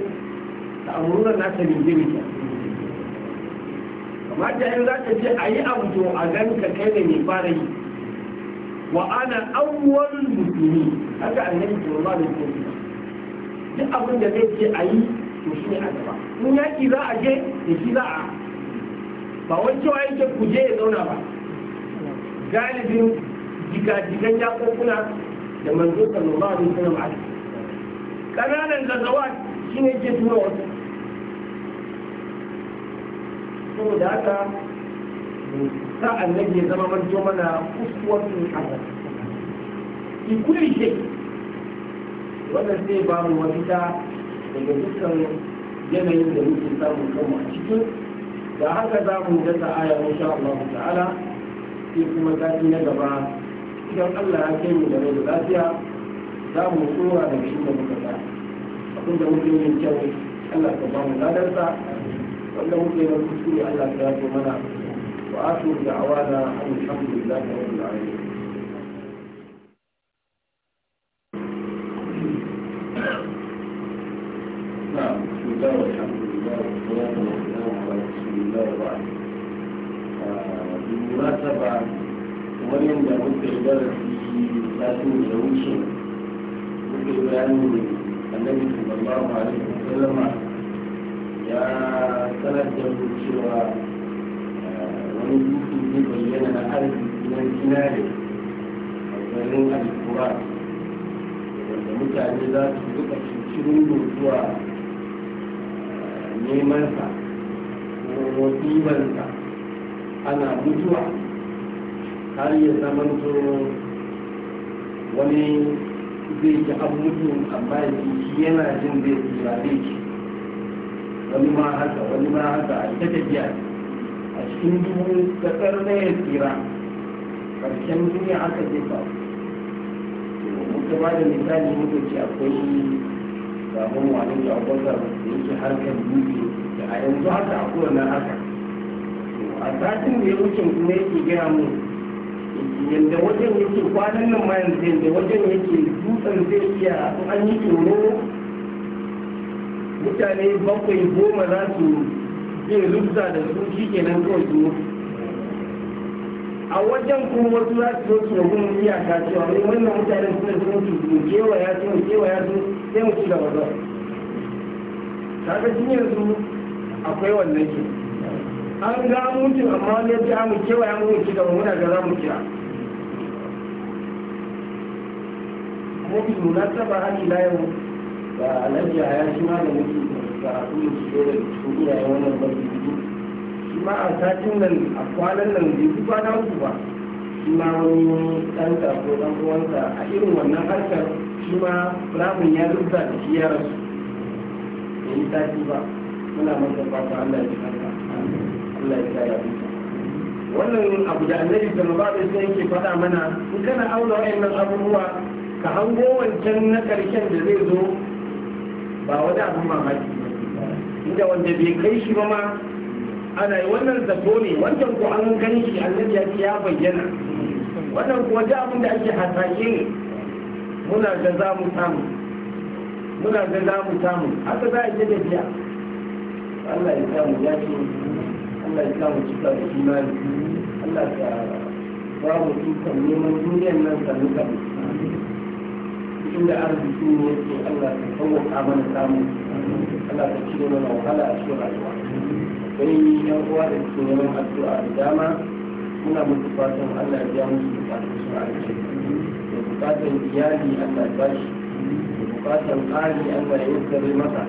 da amurunan nasa ne jirgin kamar da yanzu za ta ce a yi abu to a gan ka kai da mai fara yi wa ana awwalul muslimi haka annabi sallallahu alaihi wasallam duk abin da zai ce a yi to shi ne a gaba in yaki za a je da shi za a ba wai cewa yake ku je ya zauna ba galibin jika-jikan jakokuna da manzo sallallahu alaihi wasallam a kananan gazawa shine ne ke tura wasu saboda haka Sa'an annabi ya zama manjo mana uswatun hasan fi kulli ke. wannan zai ba mu mafita daga dukkan yanayin da muke samu kanmu a cikin da haka za mu dasa aya sha Allah ta'ala sai kuma sati na gaba idan Allah ya kai mu da rai da lafiya za mu tsora daga da muka abin da muke yin kyau Allah ka ba mu ladarsa wanda muke yin kuskure Allah ka yafe mana وآخر دعوانا الحمد لله رب العالمين نعم بسم الله والحمد لله والصلاة والسلام على رسول الله آه، بالمناسبة ولن في النبي صلى الله عليه وسلم يا abin duki zai na arziki na zinare a garin mutane za su duka zuwa nemansa ko ɗibansa ana mutuwa har wani zai ji an mutu yana jin zai tura zai ci wani ma haka wani ma haka a ita tafiya a cikin dubu da tsarna ya tsira ƙarshen duniya aka jefa muka ba da misali muka ce akwai sabon wani da abubakar da yake harkar dubi da a yanzu haka a kowane haka a satin da ya wuce kuma yake gaya mu yadda wajen yake kwanan nan ma yanzu yadda wajen yake dutsen zai iya an yi tsoro mutane bakwai goma za su zai lufta da su shi nan kawai su a wajen kuma wasu za su zo su rabu mun iyaka cewa ne wannan mutane suna zuwa su su ya su kewa ya su sai mu ci gaba zuwa kaga jin yanzu akwai wannan ke an ga mutu amma wani ya ce a ah, kewa kewaya mu ci gaba muna ga za mu kira kuma bi munasaba hali la yau da alhaji ya shi ma da muke a da shi da su yi wannan barci masjidi shi ma a satin nan a kwanan nan bai fi kwana uku ba shi ma wani ɗan ko ɗan uwansa a irin wannan harkar shi ma ramin ya rubuta da shi ya rasu ya yi sati ba muna masa fata Allah ya ji kanka Allah ya kaya mutum wannan abu da annabi sallallahu alaihi wasallam yake faɗa mana in kana auna wayannan abubuwa ka hango wancan na ƙarshen da zai zo ba wani abin mamaki inda wanda bai kai shi ba ma ana yi wannan zato ne wancan ko an gani shi annabi ya ce ya bayyana wannan ko da abin da ake hasashe ne muna ga za mu samu muna ga za mu samu haka za a yi da biya Allah ya samu ya ce Allah ya samu cika da imani Allah ka ba mu ikon neman duniyan nan sannu kan tun da arziki ne to Allah ta sauwaka mana samu Allah ta cire mana wahala a cikin rayuwa yi yan uwa da suke neman addu'a da dama muna musu fatan Allah ya musu bukatun su a da bukatan iyali Allah ya bashi da bukatan ƙari Allah ya yassare masa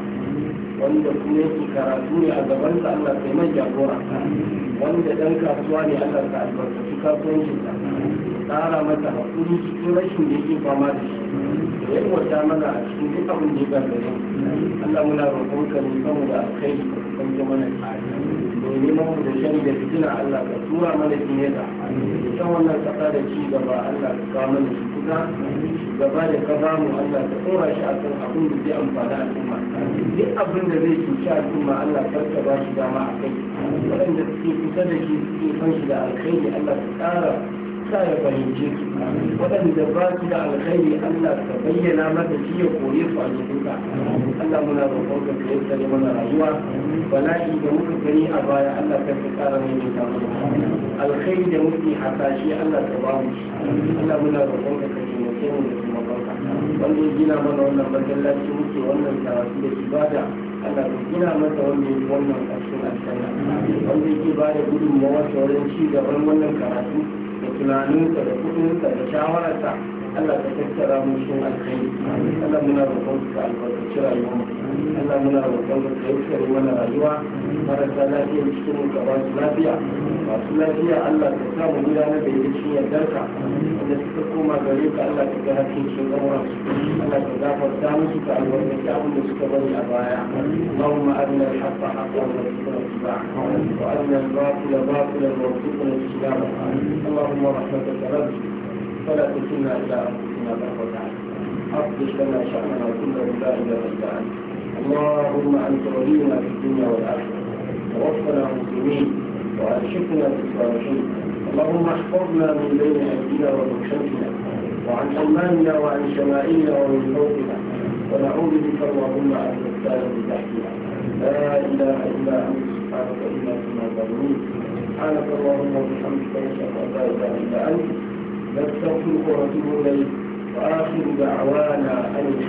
wanda kuma yake karatu ne a gabansa Allah sai mai jagora wanda dan kasuwa ne Allah ka albarkaci kasuwancinsa tsara mata hakuri cikin rashin da yake fama da shi da wata mana a cikin duk abin da ya gagare Allah muna roƙon ka ne saboda alkhairi ka kwanke mana ne mu da shani da fitina Allah ka tura mana duniya ita wannan kasa da ci gaba Allah ka kawo mana shi kusa gaba da ka ba mu Allah ka tsora shi a akan abin da zai a al'umma duk abin da zai cuci al'umma Allah ka ba shi dama a kai waɗanda suke kusa da shi suke son shi da alkhairi Allah ka tsara sa ya fahimce su waɗanda ba su da alkhairi Allah ka bayyana mata shi ya kore su a cikin Allah muna roƙon ka ka tsare mana rayuwa bala'i da muka gani a baya Allah ka ka tsara mai da samu alkhairi da muke hasashe Allah ka ba mu Allah muna roƙon ka ka taimake mu da taimakonka wanda ya gina mana wannan masallaci muke wannan karatu da ibada Allah ka gina masa wanda ya wannan ƙarshen alkhairi wanda yake ba da gudunmawa sauran ci gaban wannan karatu da tunaninsa da kudinsa da shawararsa Allah ka tattara mu cikin alkhairi Allah muna roƙon ka albarkaci rayuwa Allah muna roƙon ka tsayar mana rayuwa marasa lafiya cikin ka ba su lafiya masu lafiya Allah ka sa mu gudanar da ita cikin yardarka wanda suka koma gare ka Allah ka ga hakkin cikin ƙaura Allah ka gafarta musu ka albarkaci abin da suka bari a baya اللهم أرنا الحق حقا وارزقنا اتباعه وأرنا الباطل باطلا وارزقنا اجتنابه اللهم رحمتك نرجو فلا تكلنا إلى أنفسنا طرفة وتعالى افضل لنا شأننا وكنا لا الى إلا اللهم أنت ولينا في الدنيا والآخرة توفنا مسلمين في الصالحين اللهم احفظنا من بين أيدينا ومن خلفنا وعن اماننا وعن شمائلنا ومن فوقنا ونعوذ بك اللهم أن نختار بتحتنا لا إله إلا أنت سبحانك إنا كنا ظالمين سبحانك اللهم وبحمدك نشهد أن لا إله إلا أنت نستغفرك ونتوب إليك وآخر دعوانا أن الحمد